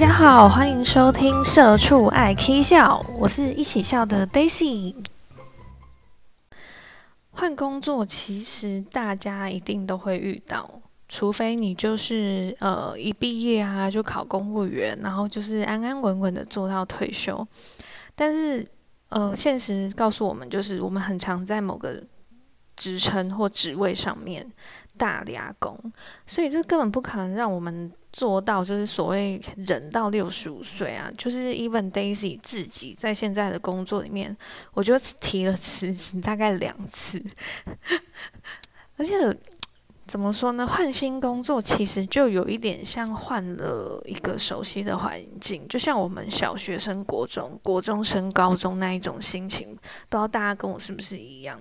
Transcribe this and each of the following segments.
大家好，歡迎收聽《社畜愛 k 笑》，我是一起笑的 Daisy。換工作其實大家一定都會遇到，除非你就是呃一畢業啊就考公務員，然後就是安安穩穩的做到退休。但是呃，現實告訴我們，就是我們很常在某個職稱或職位上面。大牙工，所以這根本不可能讓我們做到，就是所謂人到六十五歲啊。就是 Even Daisy 自己在現在的工作裡面，我就提了辭職大概兩次。 而且怎麼說呢？換新工作其實就有一點像換了一個熟悉的環境，就像我們小學升國中、國中升高中那一種心情，不知道大家跟我是不是一樣？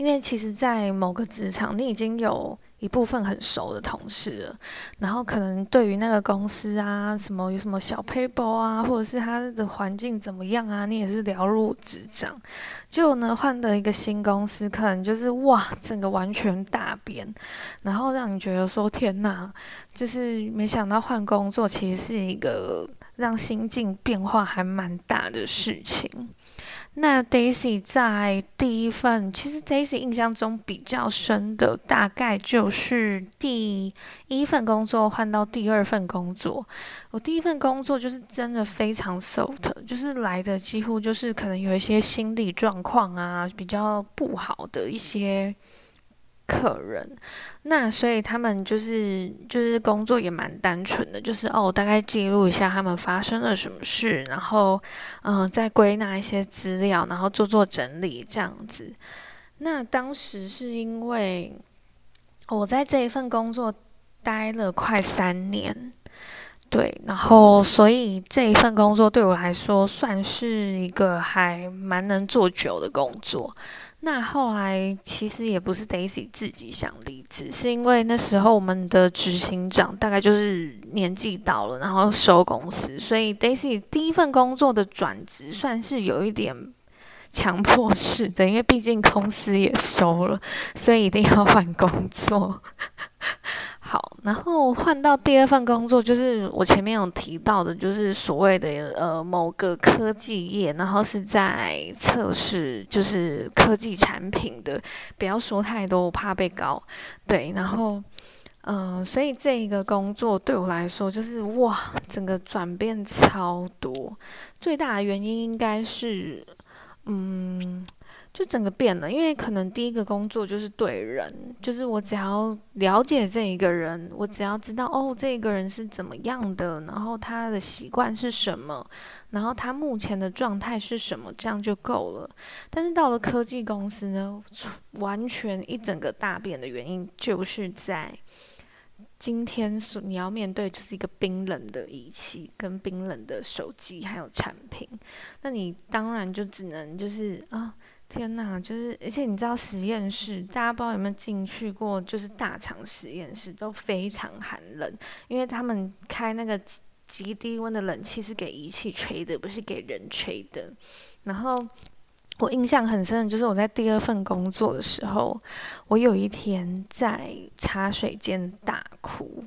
因為其實，在某個職場，你已經有一部分很熟的同事了，然後可能對於那個公司啊，什麼有什麼小 p a b l e 啊，或者是它的環境怎麼樣啊，你也是了如指掌。就呢，換到一個新公司，可能就是哇，整個完全大變，然後讓你覺得說，天哪，就是沒想到換工作其實是一個讓心境變化還蠻大的事情。那 Daisy 在第一份，其實 Daisy 印象中比較深的，大概就是第一份工作換到第二份工作。我第一份工作就是真的非常 soft，就是來的幾乎就是可能有一些心理狀況啊，比較不好的一些。客人，那所以他們就是就是工作也蠻單純的，就是哦，大概記錄一下他們發生了什麼事，然後嗯，再歸納一些資料，然後做做整理這樣子。那當時是因為我在這一份工作待了快三年，對，然後所以這一份工作對我來說算是一個還蠻能做久的工作。那後來其實也不是 Daisy 自己想離職，是因為那時候我們的執行長大概就是年紀到了，然後收公司，所以 Daisy 第一份工作的轉職算是有一點強迫式的，因為畢竟公司也收了，所以一定要換工作。好，然後換到第二份工作，就是我前面有提到的，就是所謂的呃某個科技業，然後是在測試，就是科技產品的，不要說太多，我怕被告。對，然後，嗯、呃，所以這一個工作對我來說，就是哇，整個轉變超多，最大的原因應該是，嗯。就整個變了，因為可能第一個工作就是對人，就是我只要了解這一個人，我只要知道哦，這個人是怎麼樣的，然後他的習慣是什麼，然後他目前的狀態是什麼，這樣就夠了。但是到了科技公司呢，完全一整個大變的原因，就是在今天，是你要面對就是一個冰冷的儀器，跟冰冷的手機，還有產品，那你當然就只能就是啊。天吶，就是而且你知道實驗室，大家不知道有沒有進去過？就是大廠實驗室都非常寒冷，因為他們開那個極低溫的冷氣是給儀器吹的，不是給人吹的。然後我印象很深的就是我在第二份工作的時候，我有一天在茶水間大哭。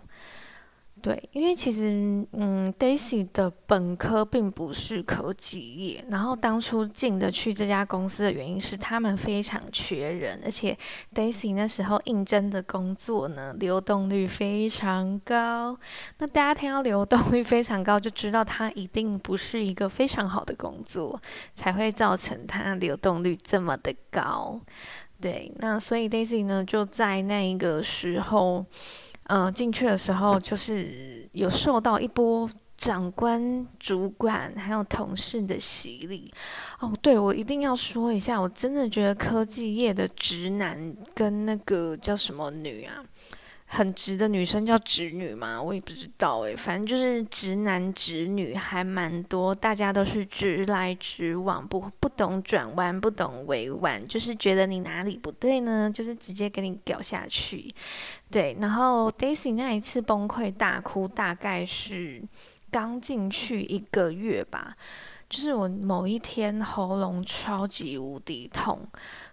對，因為其實嗯，Daisy 的本科並不是科技業，然後當初進的去這家公司的原因是他們非常缺人，而且 Daisy 那時候應徵的工作呢，流動率非常高。那大家聽到流動率非常高，就知道它一定不是一個非常好的工作，才會造成它流動率這麼的高。對，那所以 Daisy 呢，就在那一個時候。嗯、呃，進去的時候就是有受到一波長官、主管還有同事的洗禮。哦，對，我一定要說一下，我真的覺得科技業的直男跟那個叫什麼女啊？很直的女生叫直女嗎？我也不知道哎、欸，反正就是直男直女還蠻多，大家都是直來直往，不不懂轉彎，不懂委婉，就是覺得你哪裡不對呢，就是直接給你屌下去。對，然後 Daisy 那一次崩潰大哭，大概是剛進去一個月吧。就是我某一天喉嚨超級無敵痛，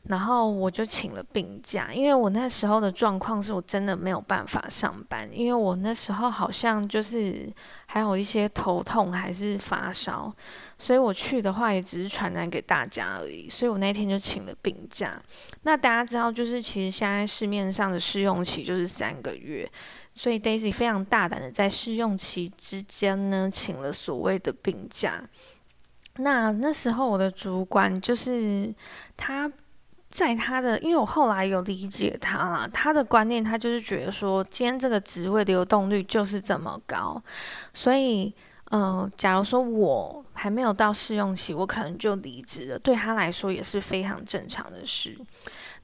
然後我就請了病假，因為我那時候的狀況是我真的沒有辦法上班，因為我那時候好像就是還有一些頭痛還是發燒，所以我去的話也只是傳染給大家而已，所以我那天就請了病假。那大家知道，就是其實現在市面上的試用期就是三個月，所以 Daisy 非常大膽的在試用期之間呢，請了所謂的病假。那那時候我的主管就是他，在他的，因為我後來有理解他啦，他的觀念，他就是覺得說，今天這個職位的流動率就是這麼高，所以，嗯、呃，假如說我。還沒有到試用期，我可能就離職了。對他來說也是非常正常的事。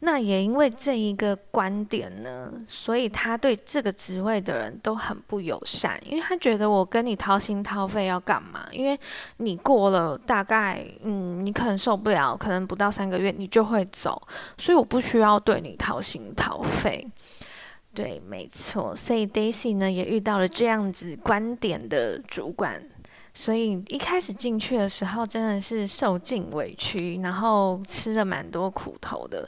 那也因為這一個觀點呢，所以他對這個職位的人都很不友善，因為他覺得我跟你掏心掏肺要幹嘛？因為你過了大概，嗯，你可能受不了，可能不到三個月你就會走，所以我不需要對你掏心掏肺。對，沒錯。所以 Daisy 呢也遇到了這樣子觀點的主管。所以一開始進去的時候，真的是受盡委屈，然後吃了蠻多苦頭的。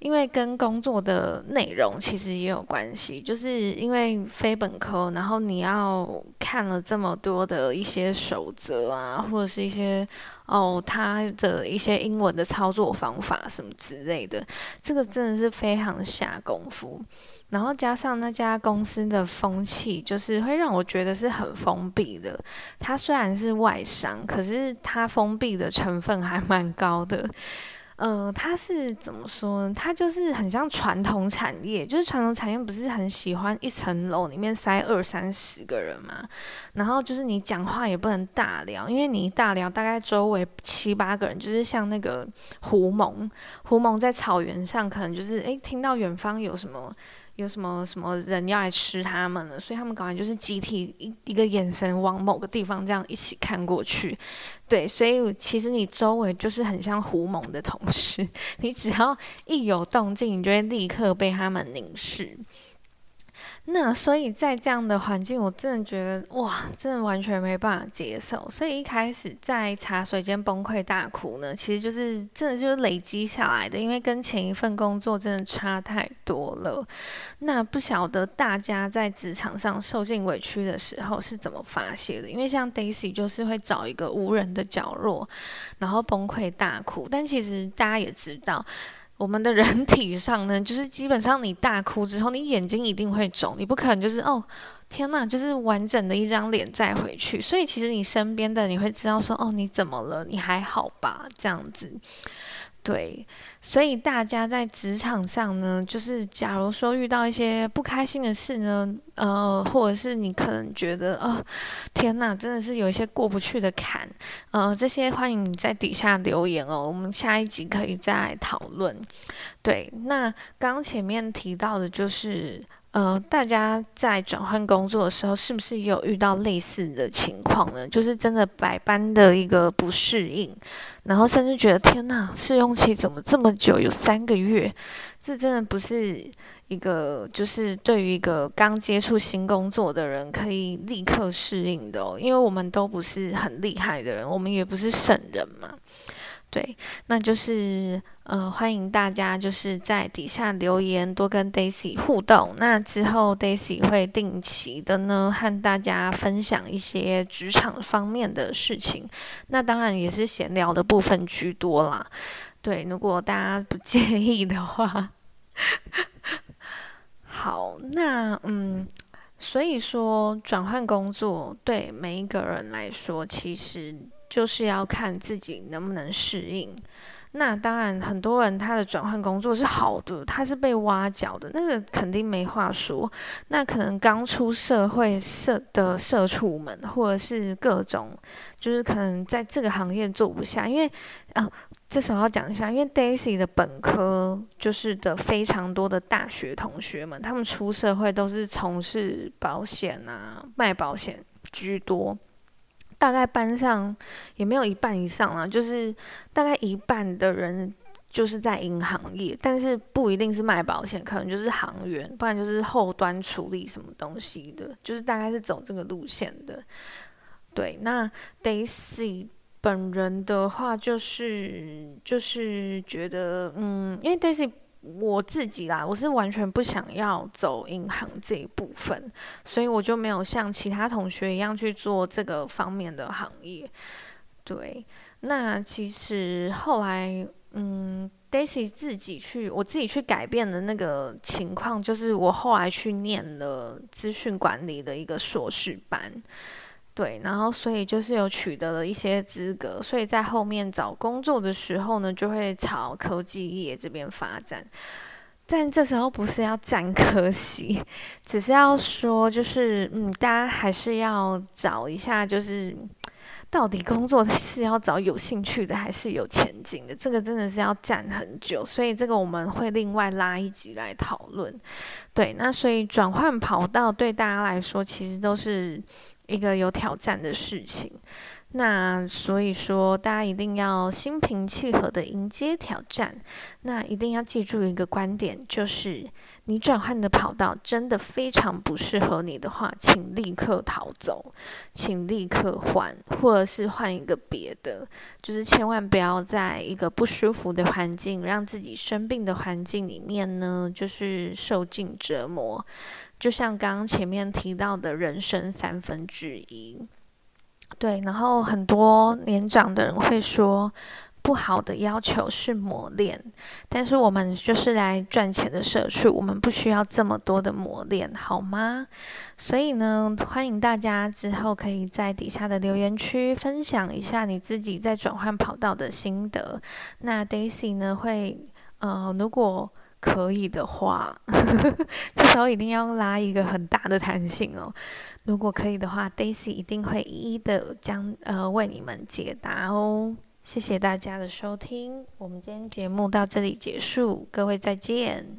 因為跟工作的內容其實也有關係，就是因為非本科，然後你要看了這麼多的一些守則啊，或者是一些哦，它的一些英文的操作方法什麼之類的，這個真的是非常下功夫。然後加上那家公司的風氣，就是會讓我覺得是很封閉的。它雖然是外商，可是它封閉的成分還蠻高的。呃，它是怎麼說呢？它就是很像傳統產業，就是傳統產業不是很喜歡一層樓裡面塞二三十個人嘛。然後就是你講話也不能大聊，因為你一大聊大概周圍七八個人，就是像那個狐獴，狐獴在草原上可能就是誒，聽到遠方有什麼。有什麼什麼人要來吃他們了，所以他們搞完就是集體一一個眼神往某個地方這樣一起看過去，對，所以其實你周圍就是很像狐獴的同事，你只要一有動靜，你就會立刻被他們凝視。那所以，在這樣的環境，我真的覺得哇，真的完全沒辦法接受。所以一開始在茶水間崩潰大哭呢，其實就是真的就是累積下來的，因為跟前一份工作真的差太多了。那不曉得大家在職場上受盡委屈的時候是怎麼發洩的？因為像 Daisy 就是會找一個無人的角落，然後崩潰大哭。但其實大家也知道。我們的人體上呢，就是基本上你大哭之後，你眼睛一定會腫，你不可能就是哦，天哪，就是完整的一張臉再回去。所以其實你身邊的你會知道說，哦，你怎麼了？你還好吧？這樣子。對，所以大家在職場上呢，就是假如說遇到一些不開心的事呢，呃，或者是你可能覺得啊、哦，天哪，真的是有一些過不去的坎，呃，這些歡迎你在底下留言哦，我們下一集可以再來討論。對，那剛前面提到的就是。呃，大家在轉換工作的時候，是不是也有遇到類似的情況呢？就是真的百般的一個不適應，然後甚至覺得天哪、啊，試用期怎麼這麼久，有三個月？這真的不是一個，就是對於一個剛接觸新工作的人可以立刻適應的哦。因為我們都不是很厲害的人，我們也不是聖人嘛。對，那就是呃，歡迎大家就是在底下留言，多跟 Daisy 互動。那之後 Daisy 會定期的呢，和大家分享一些職場方面的事情。那當然也是閒聊的部分居多啦。對，如果大家不介意的話， 好，那嗯，所以說轉換工作對每一個人來說，其實，就是要看自己能不能適應。那當然，很多人他的轉換工作是好的，他是被挖角的，那個肯定沒話說。那可能剛出社會社的社畜們，或者是各種，就是可能在這個行業做不下，因為，呃，這時候要講一下，因為 Daisy 的本科就是的非常多的大學同學們，他們出社會都是從事保險啊，賣保險居多。大概班上也沒有一半以上了啊，就是大概一半的人就是在銀行業，但是不一定是賣保險，可能就是行員，不然就是後端處理什麼東西的，就是大概是走這個路線的。對，那 Daisy 本人的話，就是就是覺得，嗯，因為 Daisy。我自己啦，我是完全不想要走銀行這一部分，所以我就沒有像其他同學一樣去做這個方面的行業。對，那其實後來，嗯，Daisy 自己去，我自己去改變的那個情況，就是我後來去念了資訊管理的一個碩士班。對，然後所以就是有取得了一些資格，所以在後面找工作的時候呢，就會朝科技業這邊發展。但這時候不是要戰科系，只是要說，就是嗯，大家還是要找一下，就是到底工作是要找有興趣的還是有前景的。這個真的是要戰很久，所以這個我們會另外拉一集來討論。對，那所以轉換跑道對大家來說其實都是。一個有挑戰的事情。那所以說，大家一定要心平氣和的迎接挑戰。那一定要記住一個觀點，就是你轉換的跑道真的非常不適合你的話，請立刻逃走，請立刻換，或者是換一個別的。就是千萬不要在一個不舒服的環境，讓自己生病的環境裡面呢，就是受盡折磨。就像剛剛前面提到的人生三分之一。對，然後很多年長的人會說，不好的要求是磨練，但是我們就是來賺錢的，社畜，我們不需要這麼多的磨練，好嗎？所以呢，歡迎大家之後可以在底下的留言區分享一下你自己在轉換跑道的心得。那 Daisy 呢，會呃，如果可以的話呵呵，這時候一定要拉一個很大的彈性哦。如果可以的話，Daisy 一定會一一的將，呃，為你們解答哦。謝謝大家的收聽，我們今天節目到這裡結束，各位再見。